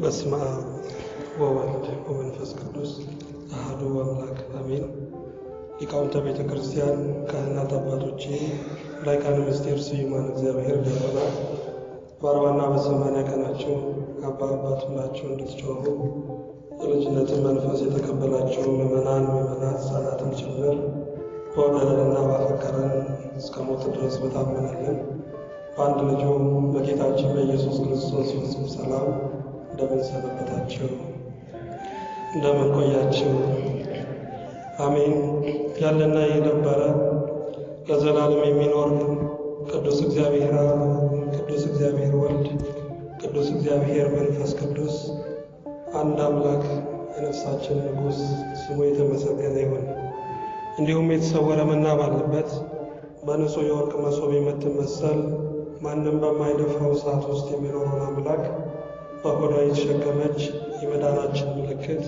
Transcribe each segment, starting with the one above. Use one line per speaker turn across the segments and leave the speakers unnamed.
በስመ አብ ወወልድ ወመንፈስ ቅዱስ አሐዱ አምላክ አሜን። ሊቃውንተ ቤተ ክርስቲያን፣ ካህናት፣ አባቶቼ፣ ላይካን ምስጢር ስዩማን እግዚአብሔር ዲያቆናት በአርባና በሰማንያ ቀናቸው አባ አባት ብላችሁ እንድትጮሁ የልጅነትን መንፈስ የተቀበላቸው ምዕመናን፣ ምዕመናት፣ ሕፃናትም ጭምር በወደደንና ባፈቀረን እስከ ሞት ድረስ በታመነልን በአንድ ልጁ በጌታችን በኢየሱስ ክርስቶስ ፍጹም ሰላም እንደምን እንደመቆያቸው አሜን። ያለና የነበረ ለዘላለም የሚኖር ቅዱስ እግዚአብሔር አብ፣ ቅዱስ እግዚአብሔር ወልድ፣ ቅዱስ እግዚአብሔር መንፈስ ቅዱስ አንድ አምላክ የነፍሳችን ንጉሥ ስሙ የተመሰገነ ይሁን። እንዲሁም የተሰወረ መና ባለበት በንጹሕ የወርቅ መሶብ የምትመሰል ማንም በማይደፍረው ሰዓት ውስጥ የሚኖረውን አምላክ በሆዷ የተሸከመች የመዳናችን ምልክት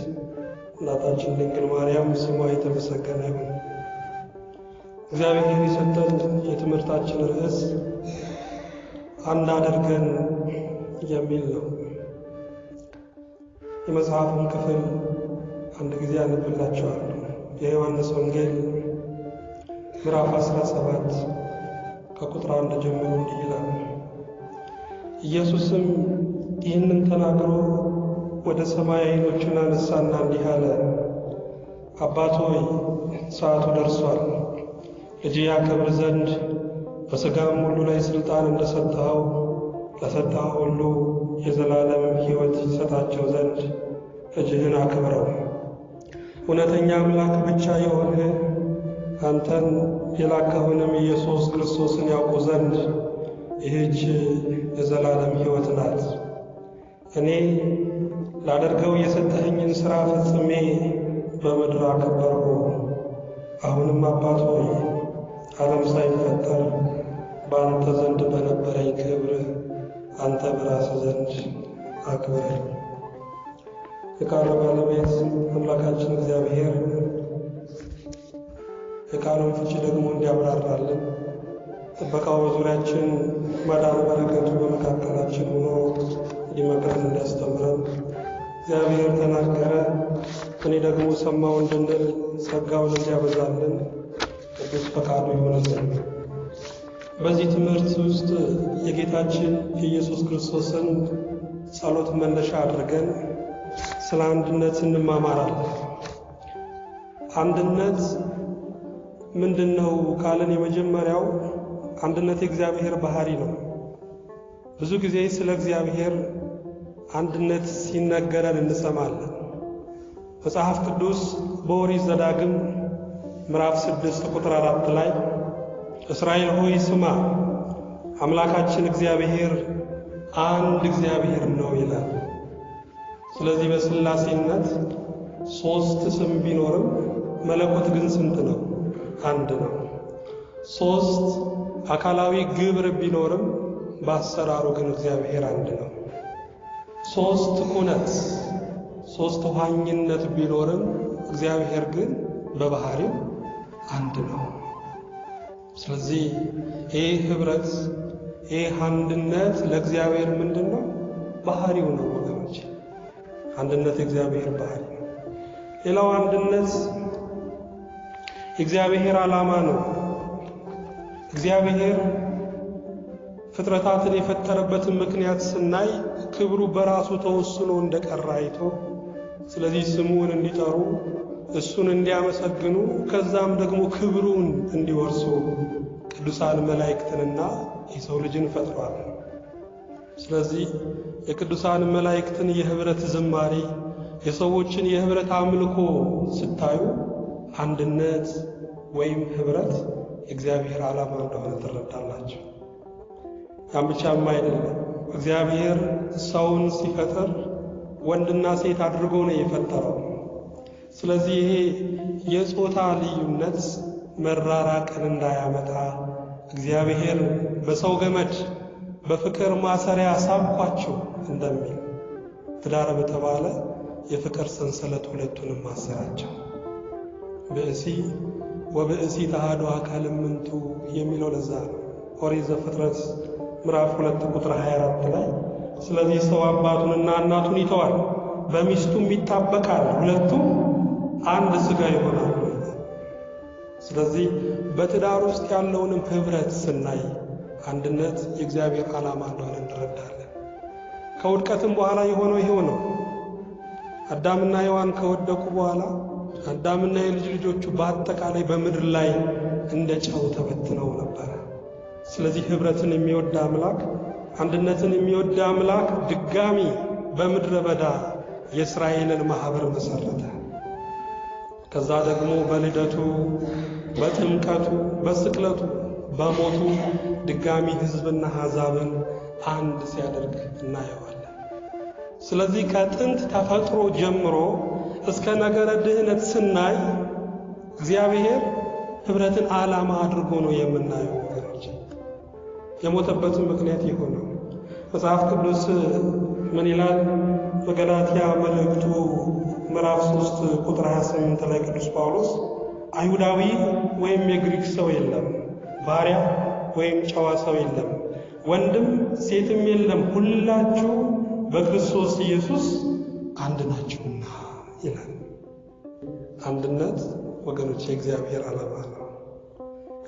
እናታችን ድንግል ማርያም ስሟ የተመሰገነ ይሁን። እግዚአብሔር የሰጠን የትምህርታችን ርዕስ አንድ አድርገን የሚል ነው። የመጽሐፉን ክፍል አንድ ጊዜ አነብላችኋለሁ። የዮሐንስ ወንጌል ምዕራፍ 17 ከቁጥር አንድ ጀምሮ እንዲህ ይላል። ኢየሱስም ይህንን ተናግሮ ወደ ሰማይ ዓይኖቹን አነሳና እንዲህ አለ፣ አባት ሆይ ሰዓቱ ደርሷል። ልጅ ያከብር ዘንድ በሥጋም ሁሉ ላይ ሥልጣን ሰጠኸው ለሰጠኸው ሁሉ የዘላለም ሕይወት ይሰጣቸው ዘንድ ልጅህን አክብረው። እውነተኛ አምላክ ብቻ የሆነ አንተን የላከውንም ኢየሱስ ክርስቶስን ያውቁ ዘንድ ይህች የዘላለም ሕይወት ናት። እኔ ላደርገው የሰጠኸኝን ሥራ ፈጽሜ በምድር አከበርኩ። አሁንም አባት ሆይ ዓለም ሳይፈጠር በአንተ ዘንድ በነበረኝ ክብር አንተ በራስ ዘንድ አክብረኝ። የቃሉ ባለቤት አምላካችን እግዚአብሔር የቃሉን ፍቺ ደግሞ እንዲያብራራልን ጥበቃው በዙሪያችን፣ መዳን በረከቱ በመካከላችን ሆኖ ሊመክረን እንዲያስተምረን እግዚአብሔር ተናገረ እኔ ደግሞ ሰማው እንድንል ጸጋውን እንዲያበዛልን ቅዱስ ፈቃዱ ይሆንልን። በዚህ ትምህርት ውስጥ የጌታችን የኢየሱስ ክርስቶስን ጸሎት መነሻ አድርገን ስለ አንድነት እንማማራለን። አንድነት ምንድን ነው ካለን የመጀመሪያው አንድነት የእግዚአብሔር ባህሪ ነው። ብዙ ጊዜ ስለ እግዚአብሔር አንድነት ሲነገረን እንሰማለን። መጽሐፍ ቅዱስ በኦሪት ዘዳግም ምዕራፍ ስድስት ቁጥር አራት ላይ እስራኤል ሆይ ስማ አምላካችን እግዚአብሔር አንድ እግዚአብሔር ነው ይላል። ስለዚህ በሥላሴነት ሦስት ስም ቢኖርም መለኮት ግን ስንት ነው? አንድ ነው። ሦስት አካላዊ ግብር ቢኖርም በአሰራሩ ግን እግዚአብሔር አንድ ነው። ሶስት ኩነት ሶስት ውሃኝነት ቢኖርም እግዚአብሔር ግን በባህሪው አንድ ነው። ስለዚህ ይህ ህብረት ይህ አንድነት ለእግዚአብሔር ምንድን ነው? ባህሪው ነው ወገኖች። አንድነት የእግዚአብሔር ባህሪ ነው። ሌላው አንድነት የእግዚአብሔር ዓላማ ነው። እግዚአብሔር ፍጥረታትን የፈጠረበትን ምክንያት ስናይ ክብሩ በራሱ ተወስኖ እንደቀረ አይቶ ስለዚህ ስሙን እንዲጠሩ እሱን እንዲያመሰግኑ ከዛም ደግሞ ክብሩን እንዲወርሱ ቅዱሳን መላእክትንና የሰው ልጅን ፈጥሯል። ስለዚህ የቅዱሳን መላእክትን የህብረት ዝማሬ፣ የሰዎችን የህብረት አምልኮ ስታዩ አንድነት ወይም ህብረት የእግዚአብሔር ዓላማ እንደሆነ ትረዳላቸው። ያም ብቻም አይደለም። እግዚአብሔር ሰውን ሲፈጥር ወንድና ሴት አድርጎ ነው የፈጠረው። ስለዚህ ይሄ የጾታ ልዩነት መራራቅን እንዳያመጣ እግዚአብሔር በሰው ገመድ በፍቅር ማሰሪያ ሳብኳቸው እንደሚል ትዳር በተባለ የፍቅር ሰንሰለት ሁለቱንም ማሰራቸው ብእሲ ወብእሲ ተሃዶ አካል ምንቱ የሚለው ለዛ ነው። ኦሪት ዘፍጥረት ምዕራፍ 2 ቁጥር 24 ላይ ስለዚህ ሰው አባቱንና እናቱን ይተዋል፣ በሚስቱም ይጣበቃል፣ ሁለቱም አንድ ሥጋ ይሆናል። ስለዚህ በትዳር ውስጥ ያለውንም ህብረት ስናይ አንድነት የእግዚአብሔር ዓላማ እንደሆነ እንረዳለን። ከውድቀትም በኋላ የሆነው ይሄው ነው። አዳምና ሔዋን ከወደቁ በኋላ አዳምና የልጅ ልጆቹ በአጠቃላይ በምድር ላይ እንደ ጨው ተበትነው ነበር። ስለዚህ ህብረትን የሚወድ አምላክ አንድነትን የሚወድ አምላክ ድጋሚ በምድረ በዳ የእስራኤልን ማህበር መሰረተ። ከዛ ደግሞ በልደቱ፣ በጥምቀቱ፣ በስቅለቱ፣ በሞቱ ድጋሚ ህዝብና አሕዛብን አንድ ሲያደርግ እናየዋለን። ስለዚህ ከጥንት ተፈጥሮ ጀምሮ እስከ ነገረ ድህነት ስናይ እግዚአብሔር ህብረትን ዓላማ አድርጎ ነው የምናየው። የሞተበትን ምክንያት የሆነው መጽሐፍ ቅዱስ ምን ይላል? በገላትያ መልእክቱ ምዕራፍ 3 ቁጥር 28 ላይ ቅዱስ ጳውሎስ አይሁዳዊ ወይም የግሪክ ሰው የለም፣ ባሪያ ወይም ጨዋ ሰው የለም፣ ወንድም ሴትም የለም፣ ሁላችሁ በክርስቶስ ኢየሱስ አንድ ናችሁና ይላል። አንድነት ወገኖች የእግዚአብሔር ዓላማ ነው።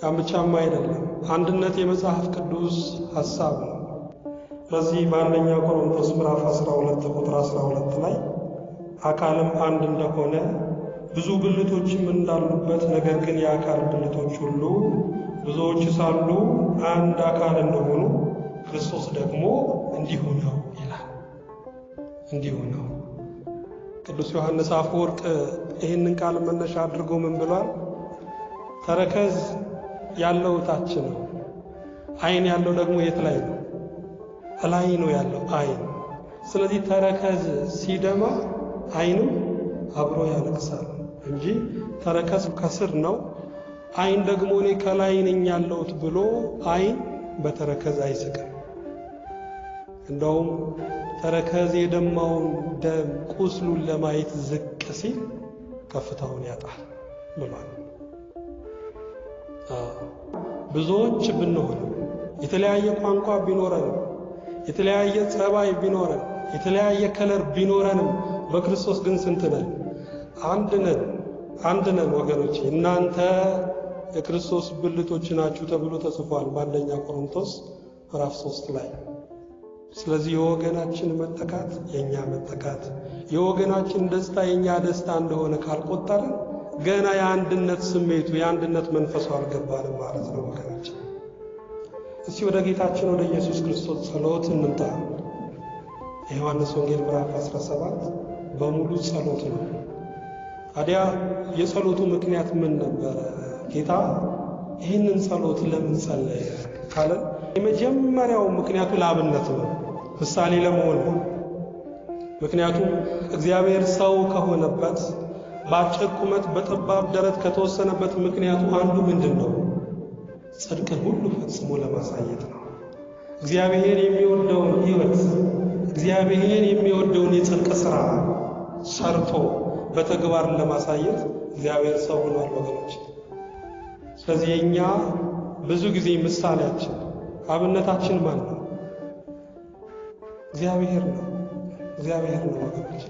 ቃም ብቻማ አይደለም፣ አንድነት የመጽሐፍ ቅዱስ ሐሳብ ነው። ስለዚህ በአንደኛ ቆሮንቶስ ምዕራፍ 12 ቁጥር 12 ላይ አካልም አንድ እንደሆነ ብዙ ብልቶችም እንዳሉበት ነገር ግን የአካል ብልቶች ሁሉ ብዙዎች ሳሉ አንድ አካል እንደሆኑ ክርስቶስ ደግሞ እንዲሁ ነው ይላል። እንዲሁ ነው። ቅዱስ ዮሐንስ አፈወርቅ ይህንን ቃል መነሻ አድርጎ ምን ብሏል? ተረከዝ ያለው ታች ነው። አይን ያለው ደግሞ የት ላይ ነው? እላይ ነው ያለው አይን። ስለዚህ ተረከዝ ሲደማ አይንም አብሮ ያለቅሳል እንጂ ተረከዝ ከስር ነው። አይን ደግሞ እኔ ከላይ ነኝ ያለሁት ብሎ አይን በተረከዝ አይስቅም። እንደውም ተረከዝ የደማውን ደም ቁስሉን ለማየት ዝቅ ሲል ከፍታውን ያጣል ብሏል። ብዙዎች ብንሆን የተለያየ ቋንቋ ቢኖረንም የተለያየ ጸባይ ቢኖረን የተለያየ ከለር ቢኖረንም በክርስቶስ ግን ስንት ነን? አንድ ነን። አንድ ነን ወገኖች፣ እናንተ የክርስቶስ ብልቶች ናችሁ ተብሎ ተጽፏል በአንደኛ ቆሮንቶስ ምዕራፍ ሶስት ላይ። ስለዚህ የወገናችን መጠቃት የኛ መጠቃት፣ የወገናችን ደስታ የእኛ ደስታ እንደሆነ ካልቆጠርን ገና የአንድነት ስሜቱ የአንድነት መንፈሱ አልገባንም ማለት ነው ወገናችን። እስቲ ወደ ጌታችን ወደ ኢየሱስ ክርስቶስ ጸሎት እንምጣ። የዮሐንስ ወንጌል ምዕራፍ 17 በሙሉ ጸሎት ነው። ታዲያ የጸሎቱ ምክንያት ምን ነበረ? ጌታ ይህንን ጸሎት ለምን ጸለየ ካለ የመጀመሪያው ምክንያቱ ለአብነት ነው፣ ምሳሌ ለመሆን ነው። ምክንያቱም እግዚአብሔር ሰው ከሆነበት በአጭር ቁመት በጠባብ ደረት ከተወሰነበት ምክንያቱ አንዱ ምንድን ነው? ጽድቅን ሁሉ ፈጽሞ ለማሳየት ነው። እግዚአብሔር የሚወደውን ሕይወት እግዚአብሔር የሚወደውን የጽድቅ ሥራ ሰርቶ በተግባር ለማሳየት እግዚአብሔር ሰው ሆኗል ወገኖች። ስለዚህ የእኛ ብዙ ጊዜ ምሳሌያችን አብነታችን ማን ነው? እግዚአብሔር ነው። እግዚአብሔር ነው ወገኖች፣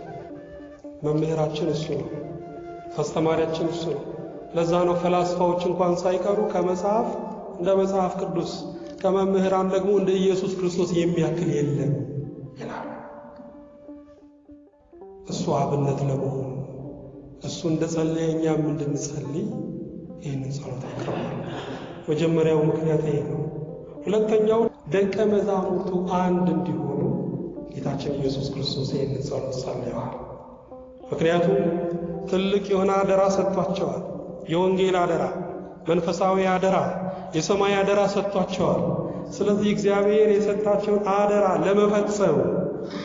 መምህራችን እሱ ነው። አስተማሪያችን እሱ ነው። ለዛ ነው ፈላስፋዎች እንኳን ሳይቀሩ ከመጽሐፍ እንደ መጽሐፍ ቅዱስ ከመምህራን ደግሞ እንደ ኢየሱስ ክርስቶስ የሚያክል የለም ይላሉ። እሱ አብነት ለመሆኑ እሱ እንደ ጸለየ እኛም እንድንጸልይ ይህንን ጸሎት አቅርቧል። መጀመሪያው ምክንያት ይሄ ነው። ሁለተኛው ደቀ መዛሙርቱ አንድ እንዲሆኑ ጌታችን ኢየሱስ ክርስቶስ ይህንን ጸሎት ጸልየዋል። ምክንያቱም ትልቅ የሆነ አደራ ሰጥቷቸዋል። የወንጌል አደራ፣ መንፈሳዊ አደራ፣ የሰማይ አደራ ሰጥቷቸዋል። ስለዚህ እግዚአብሔር የሰጣቸውን አደራ ለመፈጸም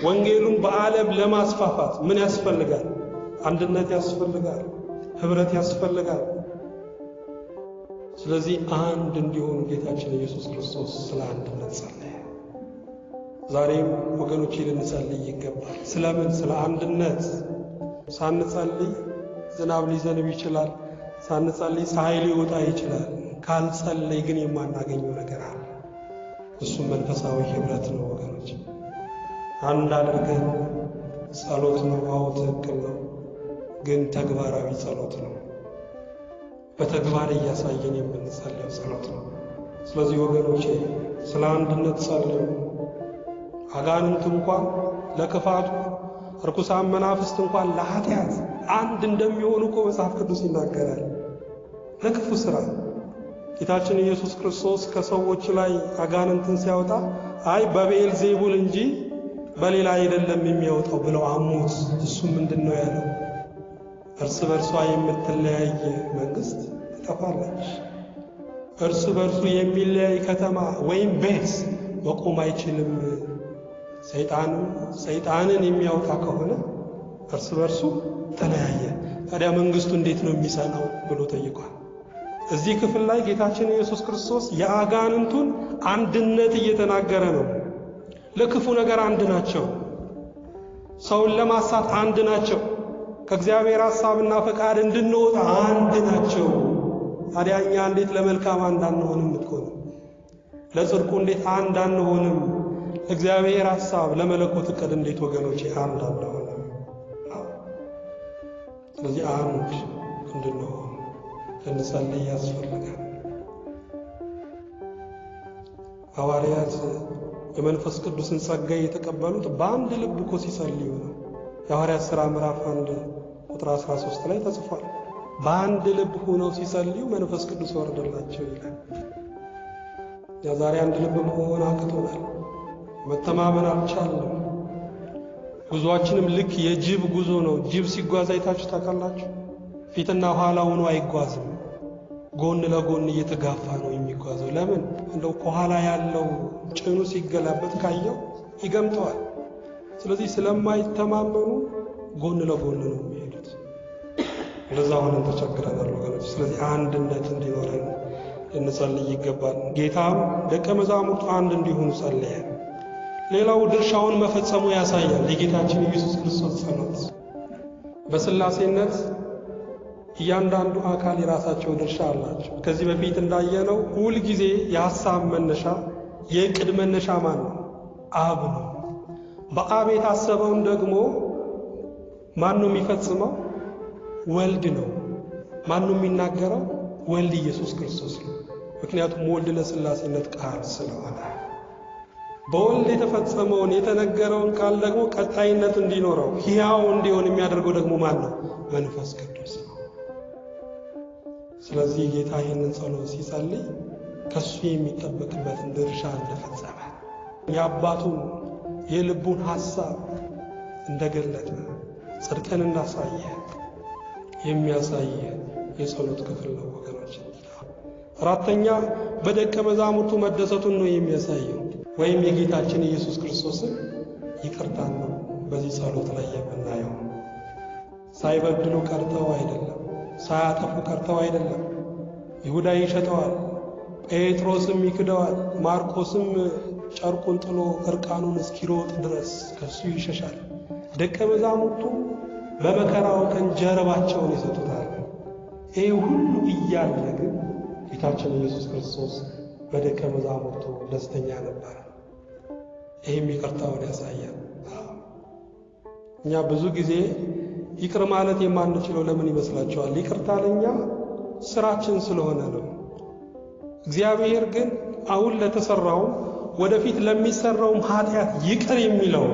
ወንጌሉን በዓለም ለማስፋፋት ምን ያስፈልጋል? አንድነት ያስፈልጋል። ህብረት ያስፈልጋል። ስለዚህ አንድ እንዲሆኑ ጌታችን ኢየሱስ ክርስቶስ ስለ አንድነት ጸለየ። ዛሬም ወገኖቼ ልንጸልይ ይገባል። ስለምን? ስለ አንድነት ሳንጸልይ ዝናብ ሊዘንብ ይችላል። ሳንጸልይ ፀሐይ ሊወጣ ይችላል። ካልጸለይ ግን የማናገኘው ነገር አለ። እሱም መንፈሳዊ ህብረት ነው ወገኖች። አንድ አድርገን ጸሎት ነው። አዎ ትክክል ነው፣ ግን ተግባራዊ ጸሎት ነው። በተግባር እያሳየን የምንጸልየው ጸሎት ነው። ስለዚህ ወገኖች ስለ አንድነት ጸልዩ። አጋንንት እንኳን ለክፋቱ ርኩሳን መናፍስት እንኳን ለኃጢአት አንድ እንደሚሆኑ እኮ መጽሐፍ ቅዱስ ይናገራል። ለክፉ ሥራ ጌታችን ኢየሱስ ክርስቶስ ከሰዎች ላይ አጋንንትን ሲያወጣ አይ በብኤል ዜቡል እንጂ በሌላ አይደለም የሚያወጣው ብለው አሙት። እሱም ምንድን ነው ያለው? እርስ በርሷ የምትለያይ መንግስት ትጠፋለች። እርስ በርሱ የሚለያይ ከተማ ወይም ቤት መቆም አይችልም ሰይጣንም ሰይጣንን የሚያወጣ ከሆነ እርስ በርሱ ተለያየ። ታዲያ መንግስቱ እንዴት ነው የሚሰናው ብሎ ጠይቋል። እዚህ ክፍል ላይ ጌታችን ኢየሱስ ክርስቶስ የአጋንንቱን አንድነት እየተናገረ ነው። ለክፉ ነገር አንድ ናቸው። ሰውን ለማሳት አንድ ናቸው። ከእግዚአብሔር ሐሳብና ፈቃድ እንድንወጣ አንድ ናቸው። ታዲያ እኛ እንዴት ለመልካም አንድ አንሆንም? እኮ ለጽድቁ እንዴት አንድ አንሆንም? እግዚአብሔር ሐሳብ ለመለኮት እቅድ እንዴት ወገኖች አንድ እንደሆነ ስለዚህ አንድ እንድንሆን ልንጸልይ ያስፈልጋል። ሐዋርያት የመንፈስ ቅዱስን ጸጋ የተቀበሉት በአንድ ልብ እኮ ሲጸልዩ ነው። የሐዋርያት ሥራ ምዕራፍ 1 ቁጥር 13 ላይ ተጽፏል። በአንድ ልብ ሆነው ሲጸልዩ መንፈስ ቅዱስ ወርደላቸው ይላል። ያ ዛሬ አንድ ልብ መሆን አቅቶናል። መተማመን አልቻለም። ጉዞአችንም ልክ የጅብ ጉዞ ነው። ጅብ ሲጓዝ አይታችሁ ታውቃላችሁ? ፊትና ኋላ ሆኖ አይጓዝም። ጎን ለጎን እየተጋፋ ነው የሚጓዘው። ለምን? እንደው ከኋላ ያለው ጭኑ ሲገላበት ካየው ይገምተዋል። ስለዚህ ስለማይተማመኑ ጎን ለጎን ነው የሚሄዱት። እንደዛ ሆነን ተቸግረናል ወገኖች። ስለዚህ አንድነት እንዲኖረን ልንጸልይ ይገባል። ጌታም ደቀ መዛሙርቱ አንድ እንዲሆኑ ጸለያል። ሌላው ድርሻውን መፈጸሙ ያሳያል። የጌታችን ኢየሱስ ክርስቶስ ጸሎት በስላሴነት እያንዳንዱ አካል የራሳቸው ድርሻ አላቸው። ከዚህ በፊት እንዳየነው ሁል ጊዜ የሐሳብ መነሻ የእቅድ መነሻ ማን ነው? አብ ነው። በአብ የታሰበውን ደግሞ ማን ነው የሚፈጽመው? ወልድ ነው። ማን ነው የሚናገረው? ወልድ ኢየሱስ ክርስቶስ ነው። ምክንያቱም ወልድ ለስላሴነት ቃል ስለሆነ በወልድ የተፈጸመውን የተነገረውን ቃል ደግሞ ቀጣይነት እንዲኖረው ሕያው እንዲሆን የሚያደርገው ደግሞ ማን ነው? መንፈስ ቅዱስ ነው። ስለዚህ ጌታ ይህንን ጸሎት ሲጸልይ ከሱ የሚጠበቅበትን ድርሻ እንደፈጸመ የአባቱን የልቡን ሐሳብ እንደገለጠ ጽድቅን እንዳሳየ የሚያሳየ የጸሎት ክፍል ነው ወገኖች። አራተኛ በደቀ መዛሙርቱ መደሰቱን ነው የሚያሳየው። ወይም የጌታችን ኢየሱስ ክርስቶስን ይቅርታን ነው በዚህ ጸሎት ላይ የምናየው። ሳይበድሉ ቀርተው አይደለም፣ ሳያጠፉ ቀርተው አይደለም። ይሁዳ ይሸጠዋል፣ ጴጥሮስም ይክደዋል፣ ማርቆስም ጨርቁን ጥሎ እርቃኑን እስኪሮጥ ድረስ ከሱ ይሸሻል። ደቀ መዛሙርቱ በመከራው ቀን ጀርባቸውን ይሰጡታል። ይህ ሁሉ እያለ ግን ጌታችን ኢየሱስ ክርስቶስ በደቀ መዛሙርቱ ደስተኛ ነበረ። ይህም ይቅርታውን ያሳያል። እኛ ብዙ ጊዜ ይቅር ማለት የማንችለው ለምን ይመስላችኋል? ይቅርታ ለእኛ ስራችን ስለሆነ ነው። እግዚአብሔር ግን አሁን ለተሰራውም ወደፊት ለሚሰራውም ኃጢአት ይቅር የሚለው